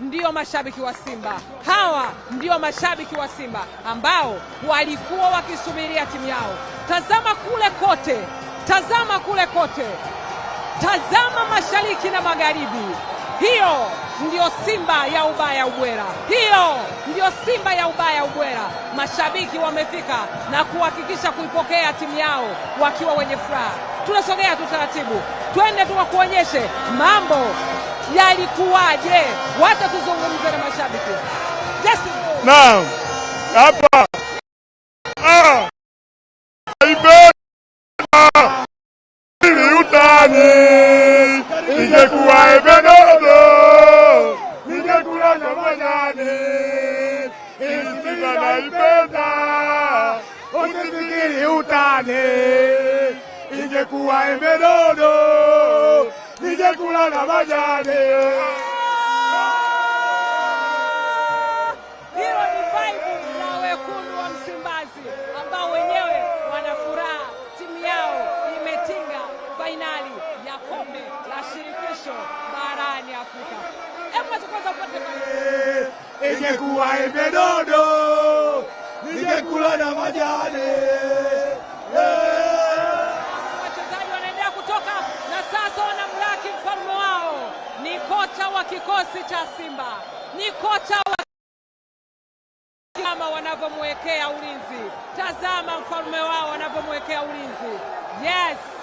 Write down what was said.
ndio mashabiki wa Simba, hawa ndio mashabiki wa Simba ambao walikuwa wakisubiria timu yao. Tazama kule kote, tazama kule kote, tazama mashariki na magharibi. Hiyo ndiyo Simba ya ubaya ubwera, hiyo ndiyo Simba ya ubaya ubwera. Mashabiki wamefika na kuhakikisha kuipokea timu yao wakiwa wenye furaha. Tunasogea tu taratibu, twende tukakuonyeshe mambo yalikuwaje? Wacha tuzungumze na mashabiki. Yes. Naam. Hapa. Ah. utani. Ingekuwa Ebedodo. Ingekuwa Ebedodo kulala majani. Ah! Hilo ni vibe la wekundu wa Msimbazi ambao wenyewe wana furaha, timu yao imetinga fainali ya kombe la shirikisho barani Afrika. Hebu kwanza ingekuwa embe dodo ningekula na majani kikosi cha Simba, ni kocha wa kama wanavyomwekea ulinzi. Tazama mfalme wao wanavyomwekea ulinzi. Yes.